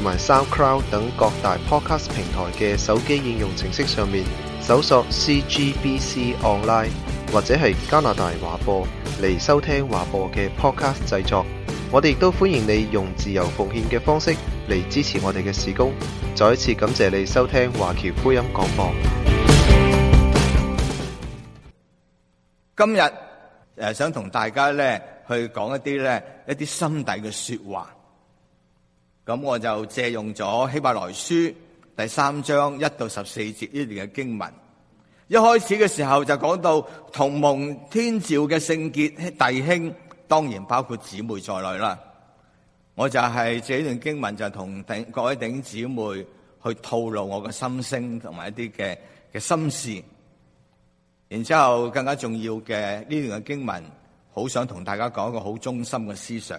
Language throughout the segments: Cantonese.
同埋 SoundCloud 等各大 Podcast 平台嘅手機應用程式上面搜索 CGBC Online 或者係加拿大華播嚟收聽華播嘅 Podcast 製作。我哋亦都歡迎你用自由奉獻嘅方式嚟支持我哋嘅事工。再一次感謝你收聽華僑福音廣播。今日誒，想同大家咧去講一啲咧一啲心底嘅說話。咁我就借用咗希伯來書第三章一到十四節呢段嘅經文，一開始嘅時候就講到同蒙天召嘅聖潔弟兄，當然包括姊妹在內啦。我就係這段經文就同頂各位頂姊妹去透露我嘅心聲同埋一啲嘅嘅心事。然之後更加重要嘅呢段嘅經文，好想同大家講一個好忠心嘅思想。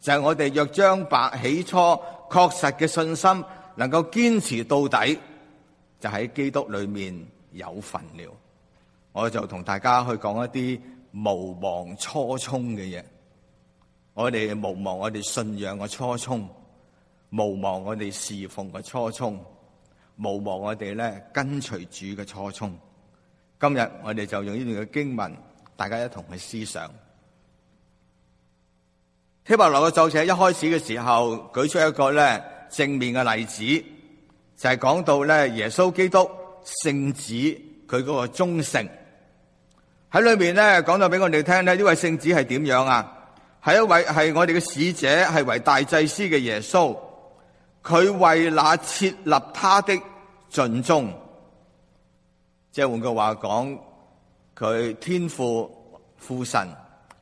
就係我哋若將白起初確實嘅信心能夠堅持到底，就喺基督裏面有份了。我就同大家去講一啲毋忘初衷嘅嘢。我哋毋忘我哋信仰嘅初衷，毋忘我哋侍奉嘅初衷，毋忘我哋咧跟隨主嘅初衷。今日我哋就用呢段嘅經文，大家一同去思想。希伯來嘅作者一開始嘅時候，舉出一個咧正面嘅例子，就係講到咧耶穌基督聖子佢嗰個忠誠。喺裏面咧講到俾我哋聽咧，呢位聖子係點樣啊？係一位係我哋嘅使者，係為大祭司嘅耶穌，佢為那設立他的盡忠。即係換句話講，佢天父父神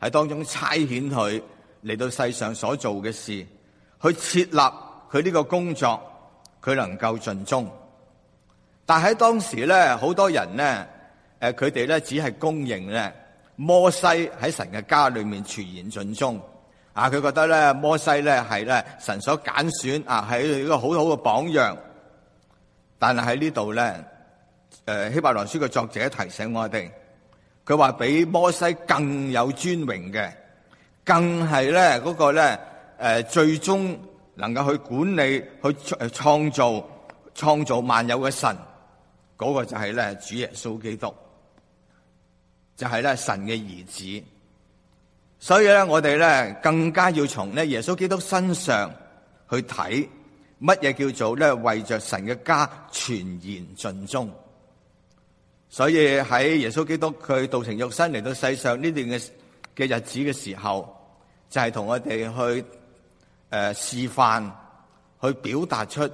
喺當中差遣佢。嚟到世上所做嘅事，去設立佢呢個工作，佢能夠盡忠。但喺當時咧，好多人咧，誒，佢哋咧只係公認咧，摩西喺神嘅家裏面全然盡忠啊！佢覺得咧，摩西咧係咧神所揀選啊，係一個好好嘅榜樣。但係喺呢度咧，誒希伯來書嘅作者提醒我哋，佢話比摩西更有尊榮嘅。更係咧嗰個咧誒，最終能夠去管理、去誒創造、創造萬有嘅神，嗰、那個就係咧主耶穌基督，就係、是、咧神嘅兒子。所以咧，我哋咧更加要從咧耶穌基督身上去睇乜嘢叫做咧為着神嘅家全然盡忠。所以喺耶穌基督佢道成肉身嚟到世上呢段嘅嘅日子嘅時候。就係同我哋去誒示範，去表達出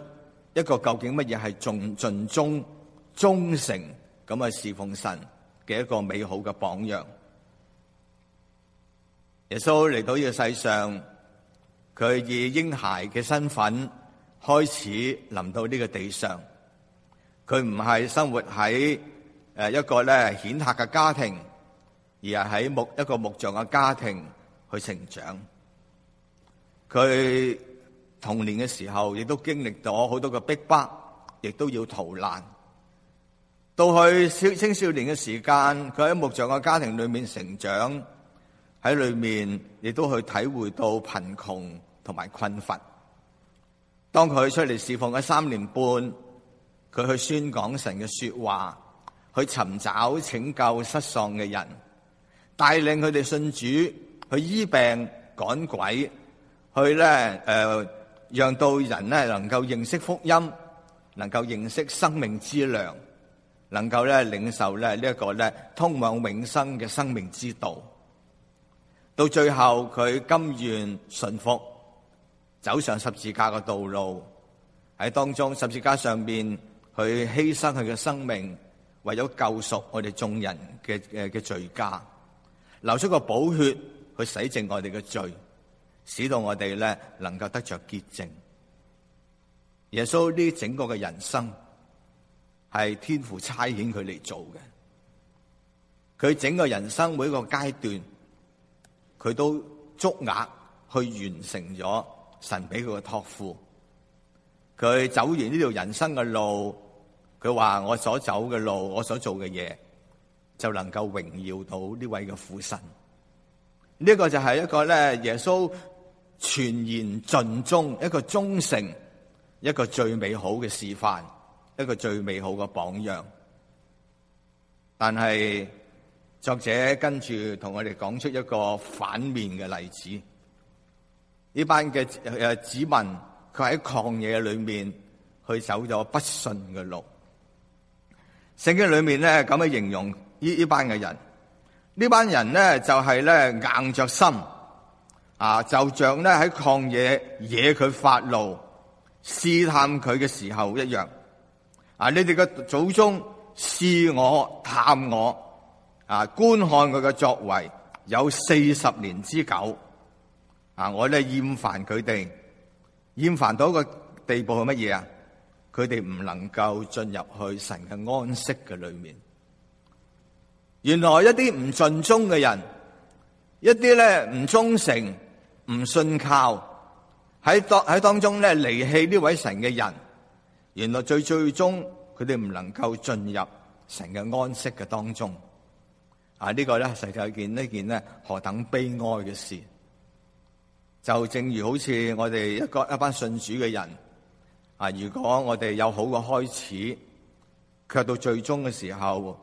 一個究竟乜嘢係盡盡忠、忠誠咁啊侍奉神嘅一個美好嘅榜樣。耶穌嚟到呢個世上，佢以嬰孩嘅身份開始臨到呢個地上。佢唔係生活喺誒一個咧顯赫嘅家庭，而係喺木一個木匠嘅家庭。佢成長，佢童年嘅時候亦都經歷咗好多嘅逼迫，迫，亦都要逃難。到去少青少年嘅時間，佢喺木匠嘅家庭裏面成長，喺裏面亦都去體會到貧窮同埋困乏。當佢出嚟侍奉咗三年半，佢去宣講神嘅說話，去尋找拯救失喪嘅人，帶領佢哋信主。佢醫病趕鬼，去咧誒，讓到人咧能夠認識福音，能夠認識生命之糧，能夠咧領受咧呢一個咧通往永生嘅生命之道。到最後佢甘願順服，走上十字架嘅道路，喺當中十字架上邊佢犧牲佢嘅生命，為咗救贖我哋眾人嘅嘅嘅罪加，流出個寶血。去洗淨我哋嘅罪，使到我哋咧能夠得着潔淨。耶穌呢整個嘅人生係天父差遣佢嚟做嘅，佢整個人生每一個階段，佢都足額去完成咗神俾佢嘅託付。佢走完呢條人生嘅路，佢話我所走嘅路，我所做嘅嘢，就能夠榮耀到呢位嘅父神。呢、這個就係一個咧耶穌全然盡忠，一個忠誠，一個最美好嘅示範，一個最美好嘅榜樣，但係作者跟住同我哋講出一個反面嘅例子，呢班嘅誒子民佢喺曠野裏面去走咗不信嘅路，聖經裏面咧咁樣形容呢呢班嘅人。呢班人咧就係、是、咧硬着心啊，就像咧喺曠野惹佢發怒、試探佢嘅時候一樣啊！你哋嘅祖宗試我、探我啊，觀看佢嘅作為有四十年之久啊！我咧厭煩佢哋，厭煩到一個地步係乜嘢啊？佢哋唔能夠進入去神嘅安息嘅裏面。原來一啲唔盡忠嘅人，一啲咧唔忠誠、唔信靠喺當喺當中咧離棄呢位神嘅人，原來最最終佢哋唔能夠進入神嘅安息嘅當中。啊，這個、呢個咧實際係一件呢件咧何等悲哀嘅事。就正如好似我哋一個一班信主嘅人，啊，如果我哋有好嘅開始，卻到最終嘅時候。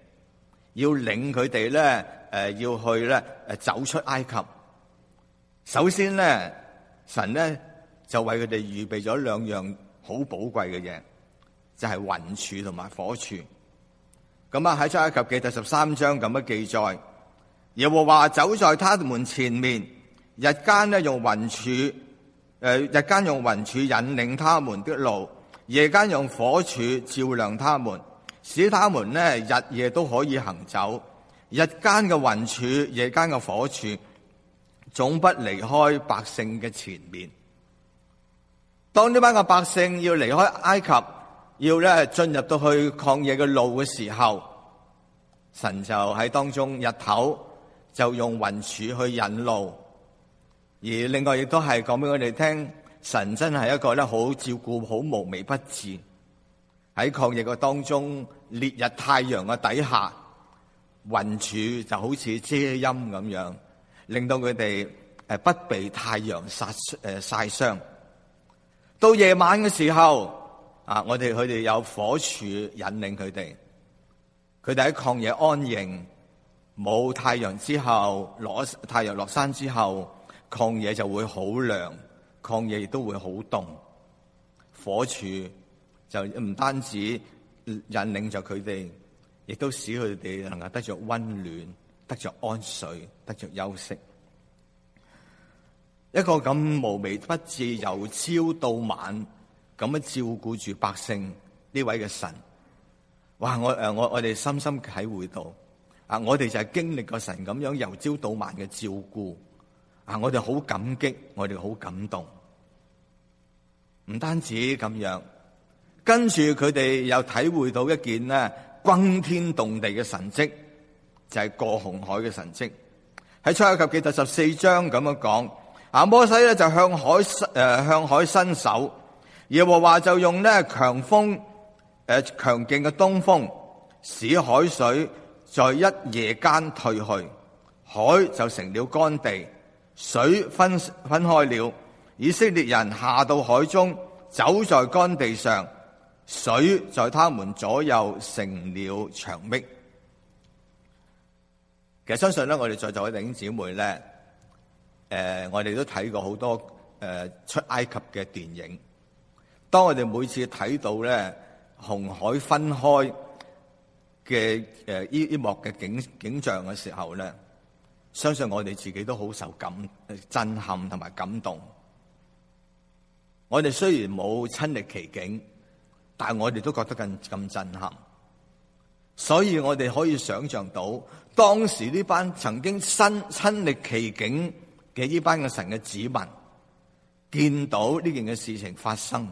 要領佢哋咧，誒、呃，要去咧，誒，走出埃及。首先咧，神咧就為佢哋預備咗兩樣好寶貴嘅嘢，就係、是、雲柱同埋火柱。咁啊喺出埃及記第十三章咁嘅記載，耶和華走在他們前面，日間咧用雲柱，誒、呃，日間用雲柱引領他們的路，夜間用火柱照亮他們。使他們咧日夜都可以行走，日間嘅雲柱，夜間嘅火柱，總不離開百姓嘅前面。當呢班嘅百姓要離開埃及，要咧進入到去曠野嘅路嘅時候，神就喺當中日頭就用雲柱去引路，而另外亦都係講俾我哋聽，神真係一個咧好照顧、好無微不至。喺曠野嘅當中，烈日太陽嘅底下，雲柱就好似遮陰咁樣，令到佢哋誒不被太陽曬誒曬傷。到夜晚嘅時候，啊，我哋佢哋有火柱引領佢哋，佢哋喺曠野安營。冇，太陽之後，落太陽落山之後，曠野就會好涼，曠野亦都會好凍。火柱。就唔單止引領着佢哋，亦都使佢哋能夠得着溫暖，得着安睡，得着休息。一個咁無微不至，由朝到晚咁樣照顧住百姓呢位嘅神，哇！我誒我我哋深深體會到啊！我哋就係經歷過神咁樣由朝到晚嘅照顧啊！我哋好感激，我哋好感動。唔單止咁樣。跟住佢哋又體會到一件咧轟天動地嘅神跡，就係過紅海嘅神跡。喺出埃及記第十四章咁樣講，亞摩西咧就向海、呃、向海伸手，耶和華就用呢強風，誒，強勁嘅東風，使海水在一夜間退去，海就成了乾地，水分，分開了，以色列人下到海中，走在乾地上，水在他們左右成了牆壁。其實相信咧，我哋在座嘅弟兄姊妹咧，誒，我哋都睇過好多誒出埃及嘅電影。當我哋每次睇到咧紅海分開嘅誒呢呢幕嘅景景象嘅時候咧，相信我哋自己都好受感震撼同埋感動。我哋雖然冇親歷其境。但係我哋都覺得更咁震撼，所以我哋可以想象到當時呢班曾經身親歷其境嘅呢班嘅神嘅子民，見到呢件嘅事情發生，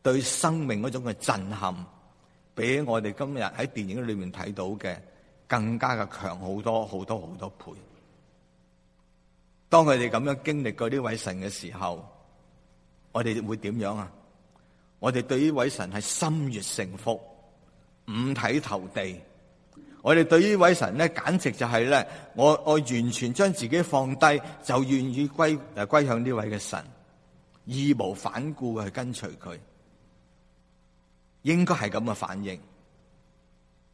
對生命嗰種嘅震撼，比我哋今日喺電影裏面睇到嘅更加嘅強好多好多好多倍。當佢哋咁樣經歷過呢位神嘅時候，我哋會點樣啊？我哋對呢位神係心悦誠服、五體投地。我哋對呢位神咧，簡直就係、是、咧，我我完全將自己放低，就願意歸誒歸向呢位嘅神，義無反顧去跟隨佢。應該係咁嘅反應。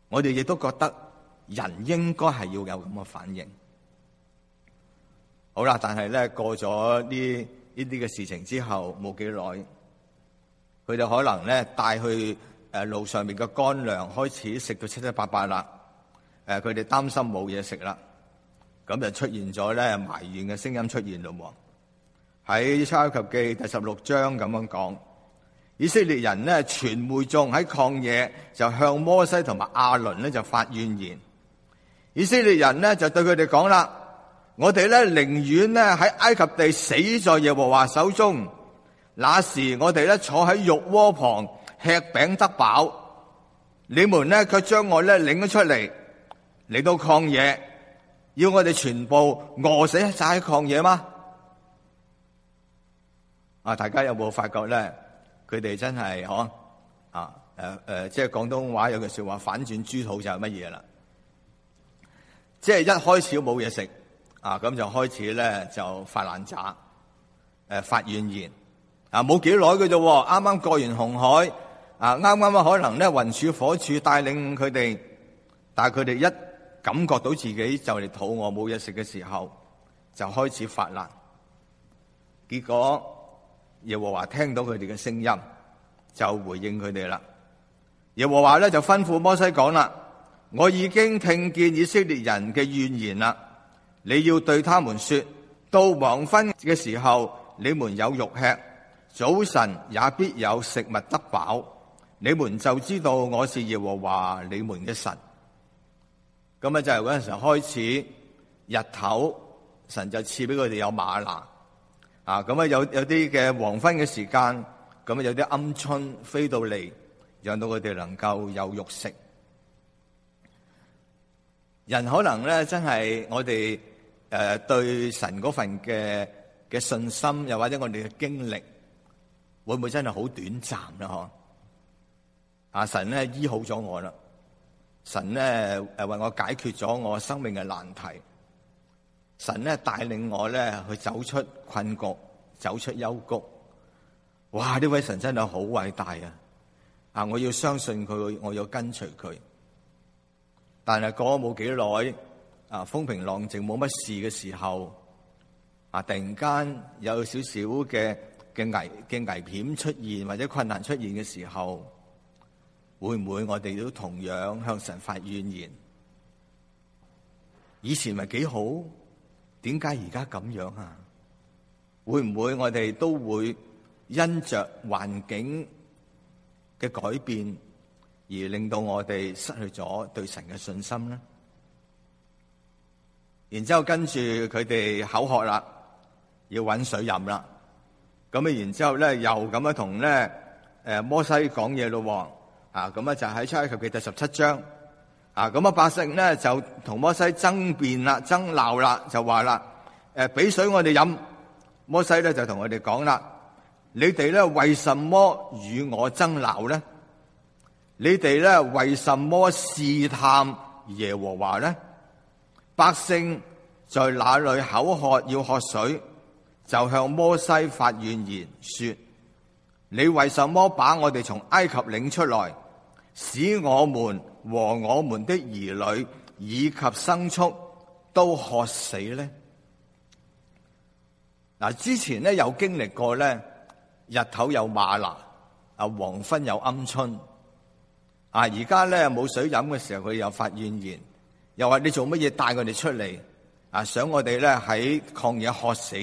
我哋亦都覺得人應該係要有咁嘅反應。好啦，但係咧過咗呢呢啲嘅事情之後，冇幾耐。佢哋可能咧帶去誒路上面嘅乾糧開始食到七七八八啦，誒佢哋擔心冇嘢食啦，咁就出現咗咧埋怨嘅聲音出現咯，喎喺《出埃及記》第十六章咁樣講，以色列人呢全會眾喺曠野就向摩西同埋亞倫呢就發怨言，以色列人呢就對佢哋講啦，我哋咧寧願呢喺埃及地死在耶和華手中。那時我哋咧坐喺肉鍋旁吃餅得飽，你們咧卻將我咧領咗出嚟嚟到曠野，要我哋全部餓死晒曠野嗎？啊！大家有冇發覺咧？佢哋真係嗬啊！誒誒，即係廣東話有句說話，反轉豬肚就係乜嘢啦？即係一開始冇嘢食，啊咁就開始咧就發爛渣，誒發怨言。啊！冇幾耐嘅啫，啱啱過完紅海，啊，啱啱可能咧，雲柱火柱帶領佢哋，但係佢哋一感覺到自己就嚟肚餓冇嘢食嘅時候，就開始發難。結果耶和華聽到佢哋嘅聲音，就回應佢哋啦。耶和華咧就吩咐摩西講啦：我已經聽見以色列人嘅怨言啦，你要對他們說：到黃昏嘅時候，你們有肉吃。早晨也必有食物得飽，你們就知道我是耶和華你們嘅神。咁啊就係嗰陣時候開始，日頭神就賜俾佢哋有馬拿，啊咁啊有有啲嘅黃昏嘅時間，咁啊有啲鵪鶉飛到嚟，讓到佢哋能夠有肉食。人可能咧真係我哋誒、呃、對神嗰份嘅嘅信心，又或者我哋嘅經歷。會唔會真係好短暫咧？嗬！啊，神咧醫好咗我啦，神咧誒為我解決咗我生命嘅難題，神咧帶領我咧去走出困局，走出幽谷。哇！呢位神真係好偉大啊！啊，我要相信佢，我要跟隨佢。但係過咗冇幾耐，啊風平浪靜冇乜事嘅時候，啊突然間有少少嘅。嘅危嘅危險出現或者困難出現嘅時候，會唔會我哋都同樣向神發怨言？以前咪幾好，點解而家咁樣啊？會唔會我哋都會因着環境嘅改變而令到我哋失去咗對神嘅信心呢？然之後跟住佢哋口渴啦，要搵水飲啦。咁啊，然之後咧，又咁樣同咧，誒摩西講嘢咯，啊，咁啊就喺出埃及記第十七章，啊，咁啊百姓咧就同摩西爭辯啦、爭鬧啦，就話啦，誒俾水我哋飲，摩西咧就同我哋講啦，你哋咧為什麼與我爭鬧咧？你哋咧為什麼試探耶和華咧？百姓在哪裏口渴要喝水。就向摩西發怨言，說：你為什麼把我哋從埃及領出來，使我們和我們的兒女以及牲畜都渴死呢？嗱，之前呢有經歷過呢，日頭有嗎哪，啊黃昏有鵪鶉，啊而家呢冇水飲嘅時候，佢又發怨言，又話你做乜嘢帶我哋出嚟？啊，想我哋呢喺曠野渴死。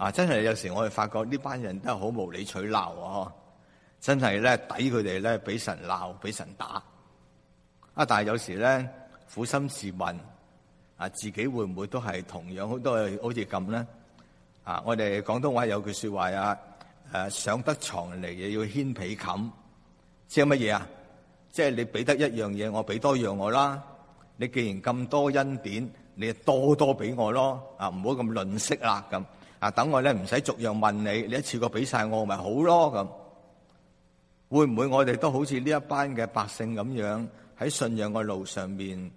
啊！真係有時我哋發覺呢班人都係好無理取鬧啊！真係咧抵佢哋咧，俾神鬧，俾神打。啊！但係有時咧，苦心自問啊，自己會唔會都係同樣都好多係好似咁咧？啊！我哋廣東話有句說話啊，誒、啊、上得床嚟也要掀被冚，即係乜嘢啊？即係你俾得一樣嘢，我俾多樣我啦。你既然咁多恩典，你就多多俾我咯。啊，唔好咁吝惜啦咁。啊！等我呢唔使逐樣問你，你一次過俾晒我咪好咯咁。會唔會我哋都好似呢一班嘅百姓咁樣喺信仰嘅路上面，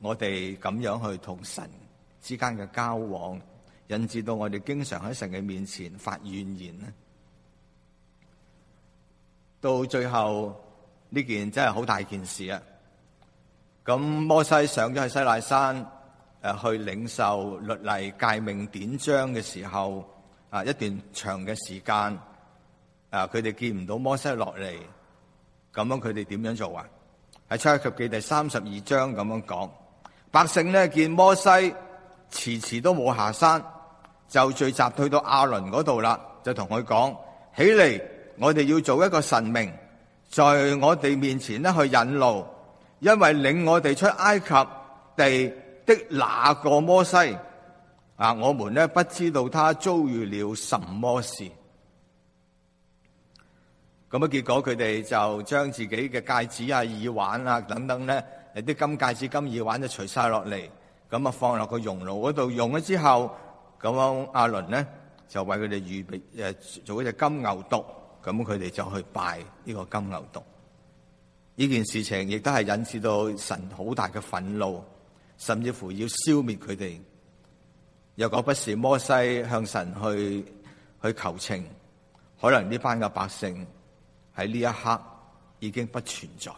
我哋咁樣去同神之間嘅交往，引致到我哋經常喺神嘅面前發怨言呢？到最後呢件真係好大件事啊！咁摩西上咗去西奈山。誒，去領受律例、誡命、典章嘅時候，啊，一段長嘅時間，啊，佢哋見唔到摩西落嚟，咁樣佢哋點樣做啊？喺《出埃及記》第三十二章咁樣講，百姓呢，見摩西遲遲都冇下山，就聚集退到亞倫嗰度啦，就同佢講：起嚟，我哋要做一個神明，在我哋面前呢去引路，因為領我哋出埃及地。的那個摩西啊，我們呢，不知道他遭遇了什麼事。咁啊，結果佢哋就將自己嘅戒指啊、耳環啊等等呢啲金戒指、金耳環就除晒落嚟，咁啊放落個熔爐嗰度熔咗之後，咁阿倫呢就為佢哋預備誒做一隻金牛犢。咁佢哋就去拜呢個金牛犢。呢件事情亦都係引致到神好大嘅憤怒。甚至乎要消滅佢哋，若果不是摩西向神去去求情，可能呢班嘅百姓喺呢一刻已經不存在。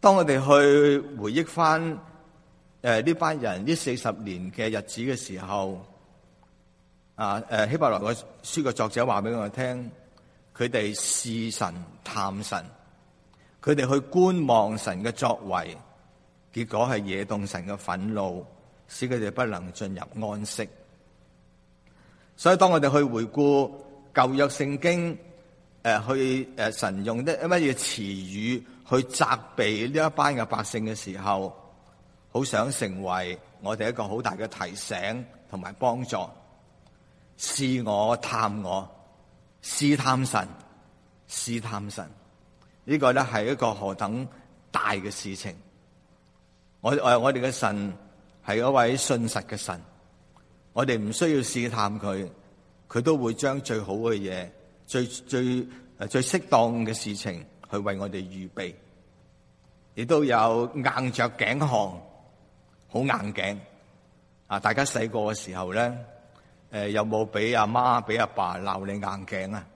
當我哋去回憶翻誒呢班人呢四十年嘅日子嘅時候，啊誒、啊、希伯來嘅書嘅作者話俾我聽，佢哋視神、探神，佢哋去觀望神嘅作為。結果係惹動神嘅憤怒，使佢哋不能進入安息。所以當我哋去回顧舊約聖經，誒去誒神用啲乜嘢詞語去責備呢一班嘅百姓嘅時候，好想成為我哋一個好大嘅提醒同埋幫助。試我探我，試探神，試探神，呢個咧係一個何等大嘅事情。我我我哋嘅神係一位信實嘅神，我哋唔需要試探佢，佢都會將最好嘅嘢，最最誒最適當嘅事情去為我哋預備，亦都有硬著頸項，好硬頸啊！大家細個嘅時候咧，誒有冇俾阿媽俾阿爸鬧你硬頸啊？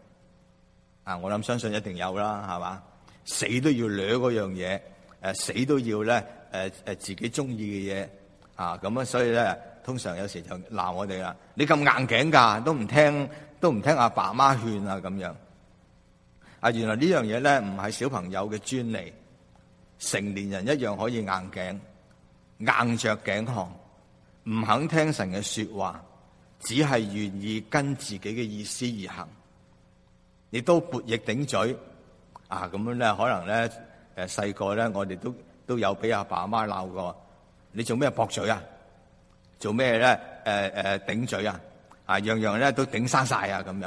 啊，我諗相信一定有啦，係嘛，死都要掠嗰樣嘢，誒死都要咧。誒誒，自己中意嘅嘢啊，咁樣，所以咧，通常有時就鬧我哋啦。你咁硬頸噶，都唔聽，都唔聽阿爸媽勸啊，咁樣啊。原來呢樣嘢咧，唔係小朋友嘅專利，成年人一樣可以硬頸，硬着頸項，唔肯聽神嘅說話，只係願意跟自己嘅意思而行，亦都悖逆頂嘴啊。咁樣咧，可能咧，誒，細個咧，我哋都。都有俾阿爸阿媽鬧過。你做咩駁嘴啊？做咩咧？誒、呃、誒，頂、呃、嘴啊？啊，樣樣咧都頂生晒啊，咁樣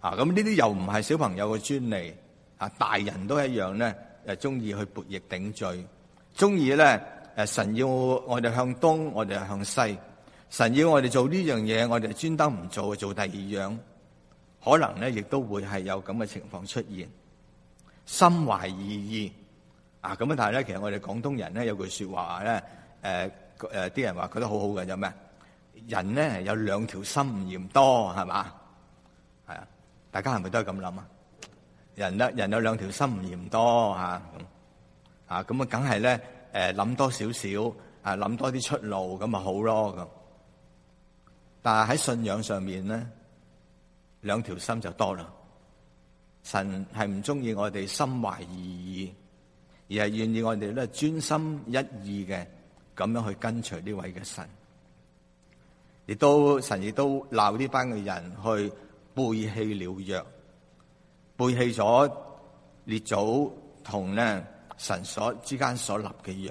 啊？咁呢啲又唔係小朋友嘅專利，啊，大人都一樣咧，誒，中意去駁逆頂嘴，中意咧誒，神要我哋向東，我哋向西，神要我哋做呢樣嘢，我哋專登唔做，做第二樣，可能咧亦都會係有咁嘅情況出現，心懷異意。嗱咁啊！但係咧，其實我哋廣東人咧有句説話咧，誒、呃、誒，啲人話覺得好好嘅，有咩？人咧有兩條心唔嫌多，係嘛？係啊！大家係咪都係咁諗啊？人咧，人有兩條心唔嫌多嚇咁咁啊，梗係咧誒諗多少少啊，諗、啊呃、多啲、啊、出路咁咪好咯咁。但係喺信仰上面咧，兩條心就多啦。神係唔中意我哋心懷二意。而係願意我哋咧專心一意嘅，咁樣去跟隨呢位嘅神，亦都神亦都鬧呢班嘅人去背棄了約，背棄咗列祖同咧神所之間所立嘅約。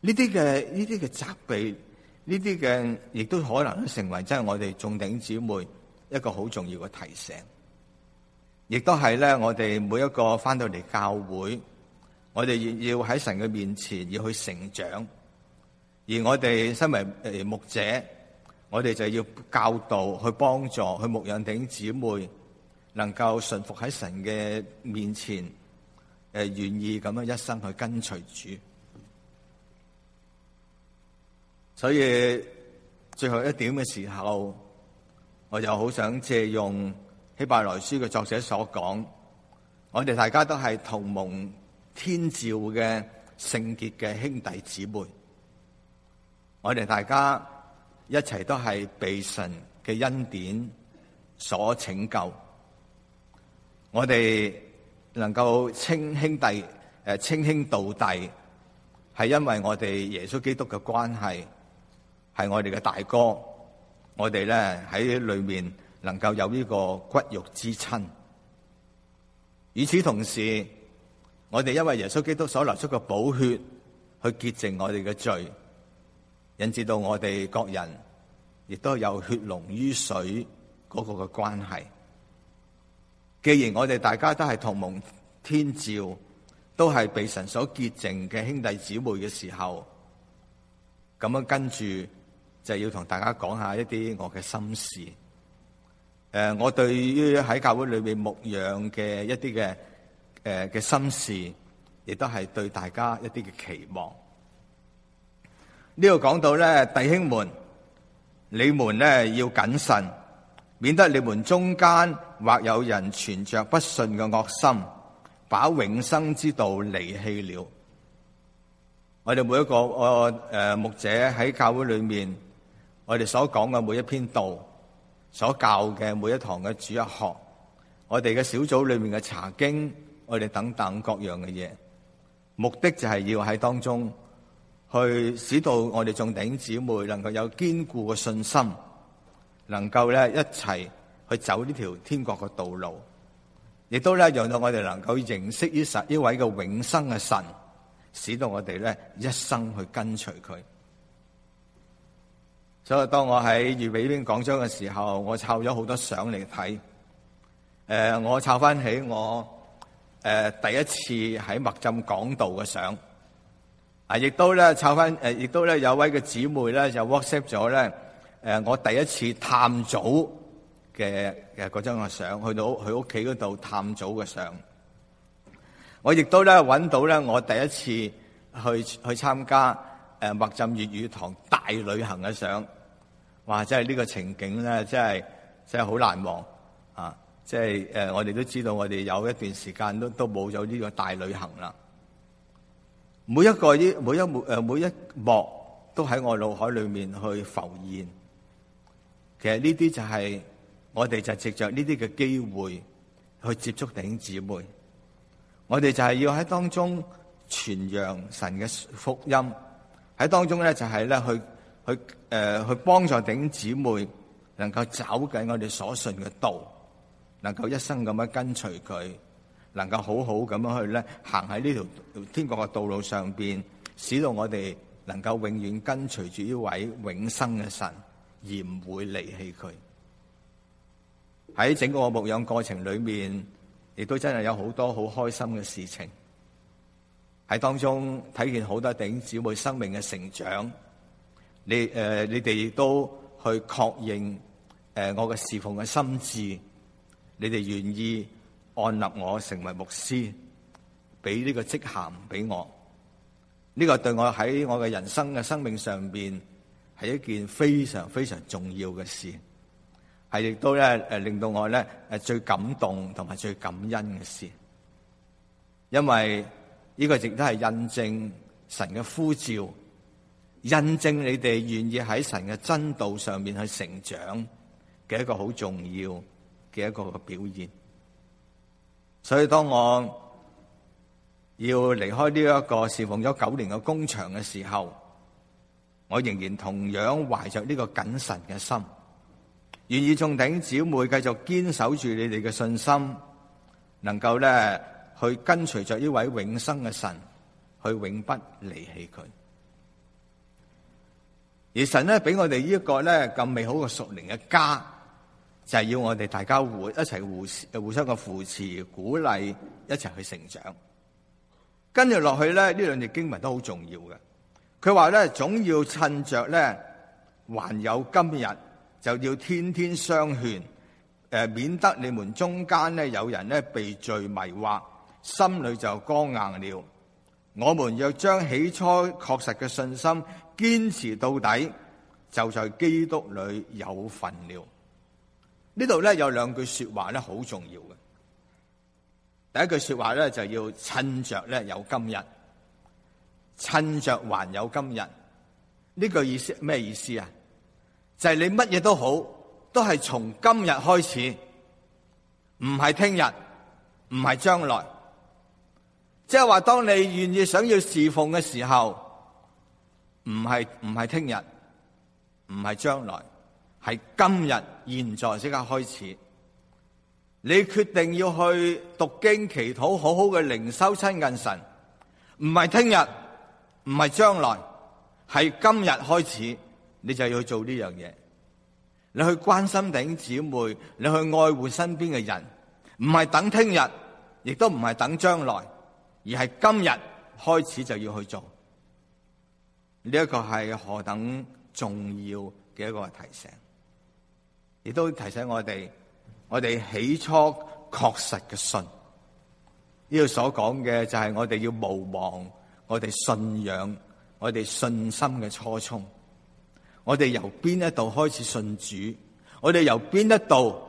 呢啲嘅呢啲嘅責備，呢啲嘅亦都可能成為真係我哋眾弟兄姊妹一個好重要嘅提醒。亦都係咧，我哋每一個翻到嚟，教會，我哋要要喺神嘅面前要去成長，而我哋身為誒牧者，我哋就要教導、去幫助、去牧養弟兄姊妹，能夠順服喺神嘅面前，誒願意咁樣一生去跟隨主。所以最後一點嘅時候，我就好想借用，希伯來書嘅作者所講，我哋大家都係同蒙天召嘅聖潔嘅兄弟姊妹，我哋大家一齊都係被神嘅恩典所拯救，我哋能夠稱兄弟誒稱兄道弟，係因為我哋耶穌基督嘅關係，係我哋嘅大哥，我哋咧喺裏面。能夠有呢個骨肉之親，與此同時，我哋因為耶穌基督所流出嘅寶血去潔淨我哋嘅罪，引致到我哋各人亦都有血濃於水嗰個嘅關係。既然我哋大家都係同蒙天照，都係被神所潔淨嘅兄弟姊妹嘅時候，咁樣跟住就要同大家講下一啲我嘅心事。誒，我對於喺教會裏面牧羊嘅一啲嘅誒嘅心事，亦都係對大家一啲嘅期望。呢度講到咧，弟兄們，你們咧要謹慎，免得你們中間或有人存着不信嘅惡心，把永生之道離棄了。我哋每一個誒誒牧者喺教會裏面，我哋所講嘅每一篇道。所教嘅每一堂嘅主日學，我哋嘅小組裏面嘅查經，我哋等等各樣嘅嘢，目的就係要喺當中去使到我哋眾弟兄姊妹能夠有堅固嘅信心，能夠咧一齊去走呢條天國嘅道路，亦都咧讓到我哋能夠認識呢神呢位嘅永生嘅神，使到我哋咧一生去跟隨佢。所以當我喺預備呢篇講章嘅時候，我揾咗好多相嚟睇。誒、呃，我揾翻起我誒、呃、第一次喺麥浸講道嘅相。啊，亦都咧揾翻亦都咧有位嘅姊妹咧就 WhatsApp 咗咧、呃、我第一次探組嘅嘅嗰張嘅相，去到佢屋企嗰度探組嘅相。我亦都咧揾到咧，我第一次去去參加。誒，麥浸粵語堂大旅行嘅相，哇！真係呢個情景咧，真係真係好難忘啊！即係誒，我哋都知道，我哋有一段時間都都冇有呢個大旅行啦。每一個呢，每一每誒每一幕都喺我腦海裏面去浮現。其實呢啲就係我哋就藉着呢啲嘅機會去接觸弟兄姊妹，我哋就係要喺當中傳揚神嘅福音。喺當中咧就係咧去去誒去幫助頂姊妹能夠走緊我哋所信嘅道，能夠一生咁樣跟隨佢，能夠好好咁樣去咧行喺呢條天國嘅道路上邊，使到我哋能夠永遠跟隨住呢位永生嘅神，而唔會離棄佢。喺整個嘅牧養過程裏面，亦都真係有好多好開心嘅事情。喺當中睇見好多弟兄姊妹生命嘅成長，你誒，你哋亦都去確認誒，我嘅侍奉嘅心志，你哋願意按立我成為牧師，俾呢個職銜俾我，呢個對我喺我嘅人生嘅生命上邊係一件非常非常重要嘅事，係亦都咧誒令到我咧誒最感動同埋最感恩嘅事，因為。呢個亦都係印證神嘅呼召，印證你哋願意喺神嘅真道上面去成長嘅一個好重要嘅一個嘅表現。所以當我要離開呢一個侍奉咗九年嘅工場嘅時候，我仍然同樣懷着呢個謹慎嘅心，願意從頂姊妹繼續堅守住你哋嘅信心，能夠咧。去跟隨着呢位永生嘅神，去永不離棄佢。而神咧俾我哋呢一個咧咁美好嘅屬靈嘅家，就係、是、要我哋大家一齊互一齊互互相嘅扶持、鼓勵，一齊去成長。跟住落去咧，呢兩段經文都好重要嘅。佢話咧，總要趁着咧還有今日，就要天天相勸，呃、免得你們中間咧有人咧被罪迷惑。心裏就剛硬了。我們若將起初確實嘅信心堅持到底，就在基督裏有份了。呢度咧有兩句說話咧好重要嘅。第一句說話咧就要趁着咧有今日，趁着還有今日。呢句意思，咩意思啊？就係你乜嘢都好，都係從今日開始，唔係聽日，唔係將來。即係話，當你願意想要侍奉嘅時候，唔係唔係聽日，唔係將來，係今日現在即刻開始。你決定要去讀經祈禱，好好嘅靈修親近神，唔係聽日，唔係將來，係今日開始，你就要做呢樣嘢。你去關心頂姊妹，你去愛護身邊嘅人，唔係等聽日，亦都唔係等將來。而係今日開始就要去做，呢一個係何等重要嘅一個提醒，亦都提醒我哋，我哋起初確實嘅信，呢度所講嘅就係我哋要無忘我哋信仰、我哋信心嘅初衷，我哋由邊一度開始信主，我哋由邊一度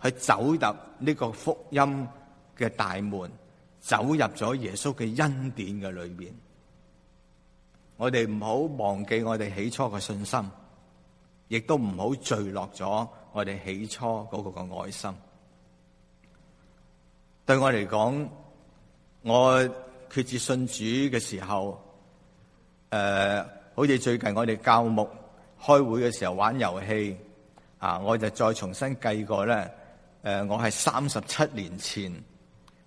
去走入呢個福音嘅大門。走入咗耶穌嘅恩典嘅裏邊，我哋唔好忘記我哋起初嘅信心，亦都唔好墜落咗我哋起初嗰個嘅愛心。對我嚟講，我決志信主嘅時候，誒、呃，好似最近我哋教牧開會嘅時候玩遊戲，啊，我就再重新計過咧，誒、呃，我係三十七年前。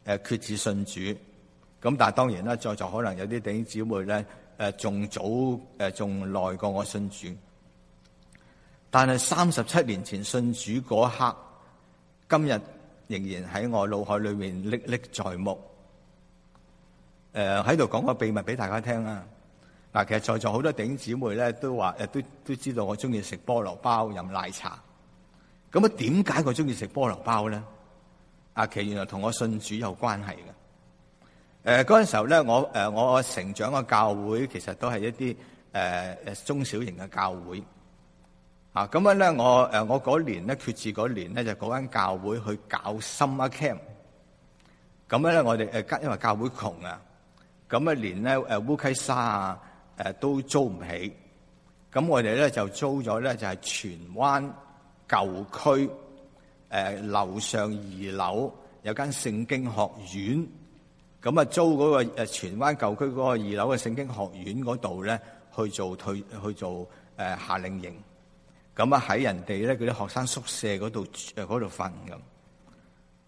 誒，決志信主，咁但係當然啦，在座可能有啲弟兄姊妹咧，誒仲早，誒仲耐過我信主。但係三十七年前信主嗰刻，今日仍然喺我腦海裏面歷歷在目。誒、呃，喺度講個秘密俾大家聽啊。嗱，其實在座好多弟兄姊妹咧都話，誒都都知道我中意食菠蘿包、飲奶茶。咁啊，點解佢中意食菠蘿包咧？啊，其實原來同我信主有關係嘅。誒嗰陣時候咧，我誒我成長嘅教會其實都係一啲誒誒中小型嘅教會。啊咁樣咧，我誒我嗰年咧決志嗰年咧，就嗰、是、間教會去搞 summer camp。咁咧，我哋誒因因為教會窮啊，咁連咧誒烏溪沙啊誒都租唔起。咁我哋咧就租咗咧就係荃灣舊區。誒、呃、樓上二樓有間聖經學院，咁啊租嗰、嗰個、呃、荃灣舊區嗰個二樓嘅聖經學院嗰度咧，去做退去，去做誒、呃、夏令營，咁啊喺人哋咧佢啲學生宿舍嗰度嗰度瞓咁。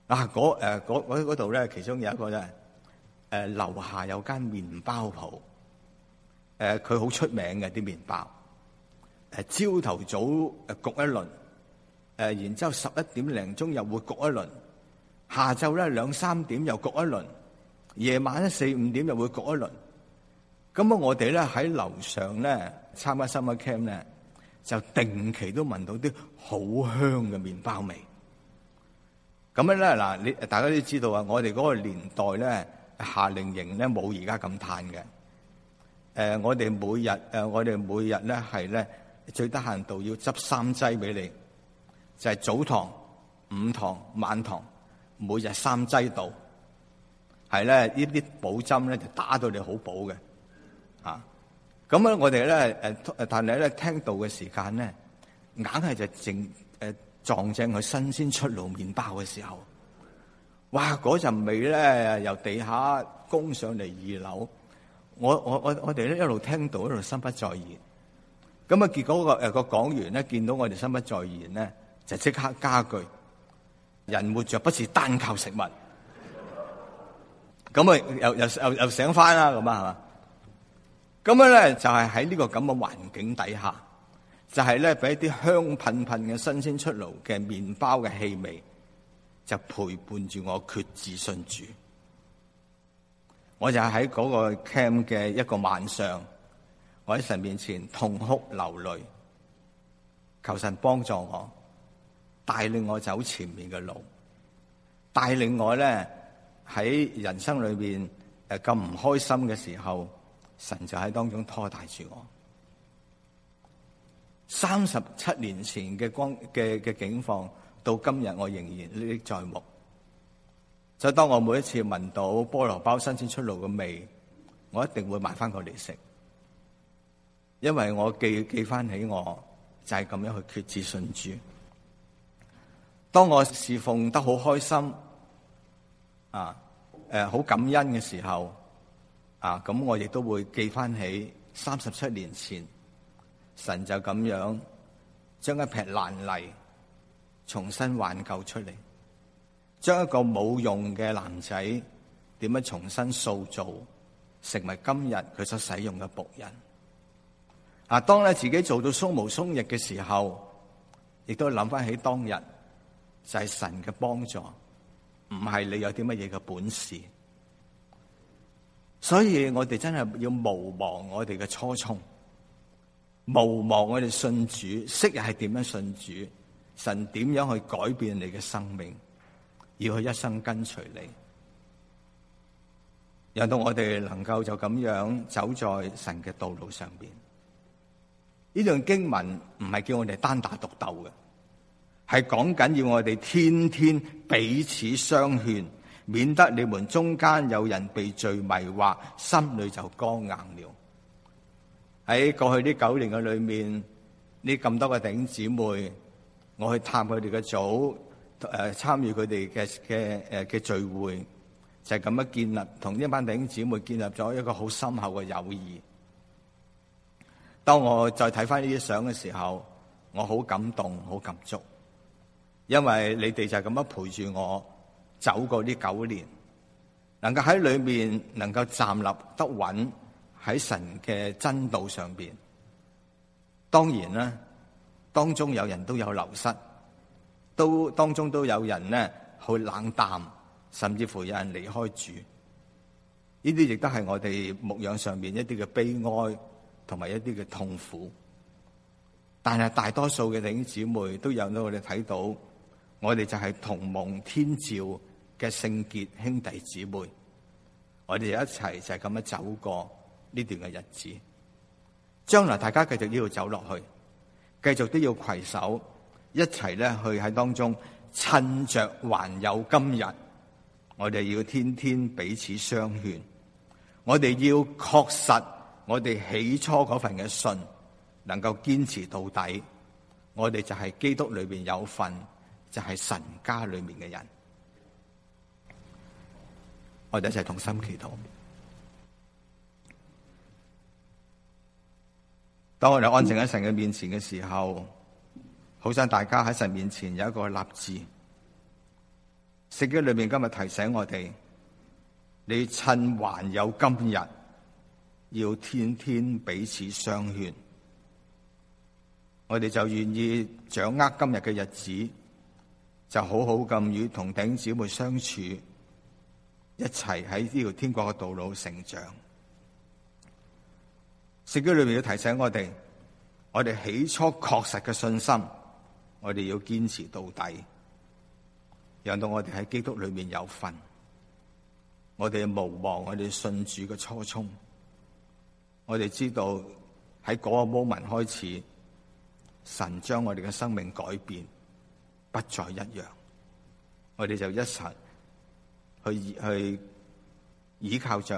啊，嗰嗰度咧，其中有一個呢，誒、呃、樓下有間麵包鋪，佢、呃、好出名嘅啲麵包，誒朝頭早焗一輪。誒，然之後十一點零鐘又會焗一輪，下晝咧兩三點又焗一輪，夜晚咧四五點又會焗一輪。咁啊，我哋咧喺樓上咧參加 summer camp 咧，就定期都聞到啲好香嘅麵包味。咁樣咧嗱，你大家都知道啊，我哋嗰個年代咧夏令營咧冇而家咁嘆嘅。誒，我哋每日誒，我哋每日咧係咧最得閒度要執三劑俾你。就係、是、早堂、午堂、晚堂，每日三劑道，係咧呢啲補針咧就打到你好補嘅，啊！咁咧我哋咧誒，但係咧聽到嘅時間咧，硬係就正誒、啊、撞正佢新鮮出爐麵包嘅時候，哇！嗰陣味咧由地下攻上嚟二樓，我我我我哋咧一路聽到一路心不在焉，咁啊結果、個誒、個講員咧見到我哋心不在焉咧。就即刻加句，人活着不是單靠食物，咁啊又又又又醒翻啦，咁啊係嘛？咁樣咧就係喺呢個咁嘅環境底下，就係咧俾一啲香噴噴嘅新鮮出爐嘅麵包嘅氣味，就陪伴住我決志信主。我就喺嗰個 camp 嘅一個晚上，我喺神面前痛哭流淚，求神幫助我。帶領我走前面嘅路，帶領我咧喺人生裏邊誒咁唔開心嘅時候，神就喺當中拖帶住我。三十七年前嘅光嘅嘅境況，到今日我仍然歷歷在目。所以當我每一次聞到菠蘿包新鮮出爐嘅味，我一定會買翻佢嚟食，因為我記記翻起我就係、是、咁樣去決志信主。當我侍奉得好開心，啊，誒、呃，好感恩嘅時候，啊，咁我亦都會記翻起三十七年前，神就咁樣將一劈爛泥重新挽救出嚟，將一個冇用嘅男仔點樣重新塑造成為今日佢所使用嘅僕人。啊，當咧自己做到鬆毛鬆翼嘅時候，亦都諗翻起當日。就係、是、神嘅幫助，唔係你有啲乜嘢嘅本事，所以我哋真係要毋忘我哋嘅初衷，毋忘我哋信主，昔日係點樣信主，神點樣去改變你嘅生命，要佢一生跟隨你，讓到我哋能夠就咁樣走在神嘅道路上邊。呢段經文唔係叫我哋單打獨鬥嘅。係講緊要，我哋天天彼此相勸，免得你們中間有人被罪迷惑，心裏就剛硬了。喺過去呢九年嘅裏面，呢咁多個頂姊妹，我去探佢哋嘅組，誒，參與佢哋嘅嘅誒嘅聚會，就咁樣建立同呢班頂姊妹建立咗一個好深厚嘅友誼。當我再睇翻呢啲相嘅時候，我好感動，好感觸。因為你哋就咁樣陪住我走過呢九年，能夠喺裏面能夠站立得穩喺神嘅真道上邊。當然啦，當中有人都有流失，都當中都有人咧去冷淡，甚至乎有人離開主。呢啲亦都係我哋牧養上面一啲嘅悲哀同埋一啲嘅痛苦。但係大多數嘅弟兄姊妹都有咗我哋睇到。我哋就係同蒙天召嘅聖潔兄弟姊妹，我哋一齊就係咁樣走過呢段嘅日子。將來大家繼續呢度走落去，繼續都要攜手一齊咧去喺當中，趁着還有今日，我哋要天天彼此相勸，我哋要確實我哋起初嗰份嘅信，能夠堅持到底。我哋就係基督裏邊有份。就係、是、神家裏面嘅人，我哋一齊同心祈禱。當我哋安靜喺神嘅面前嘅時候，好想大家喺神面前有一個立志。聖經裏面今日提醒我哋，你趁還有今日，要天天彼此相勸。我哋就願意掌握今日嘅日子。就好好咁與同頂姊妹相處，一齊喺呢條天國嘅道路成長。聖經裏面要提醒我哋，我哋起初確實嘅信心，我哋要堅持到底，讓到我哋喺基督裏面有份。我哋無忘我哋信主嘅初衷，我哋知道喺嗰個 moment 開始，神將我哋嘅生命改變。不再一樣，我哋就一齊去去倚靠着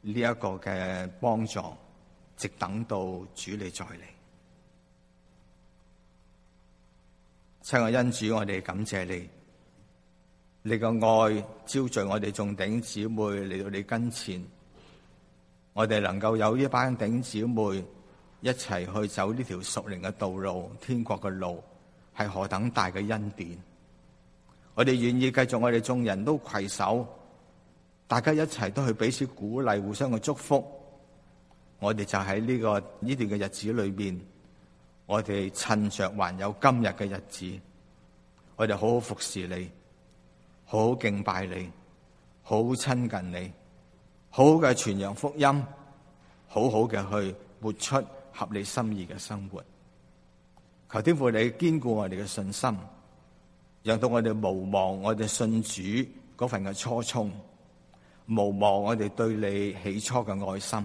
呢一個嘅幫助，直等到主你再嚟。親愛嘅恩主，我哋感謝你，你嘅愛招聚我哋眾頂姊妹嚟到你跟前，我哋能夠有一班頂姊妹一齊去走呢條屬靈嘅道路，天國嘅路，係何等大嘅恩典！我哋願意繼續，我哋眾人都携手，大家一齊都去彼此鼓勵，互相嘅祝福。我哋就喺呢個呢段嘅日子裏邊，我哋趁着還有今日嘅日子，我哋好好服侍你，好好敬拜你，好好親近你，好好嘅傳揚福音，好好嘅去活出合你心意嘅生活。求天父你堅固我哋嘅信心，讓到我哋無忘我哋信主嗰份嘅初衷，無忘我哋對你起初嘅愛心，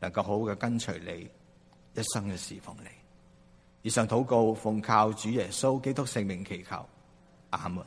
能夠好好嘅跟隨你，一生嘅侍奉你。以上禱告，奉靠主耶穌基督聖名祈求，阿門。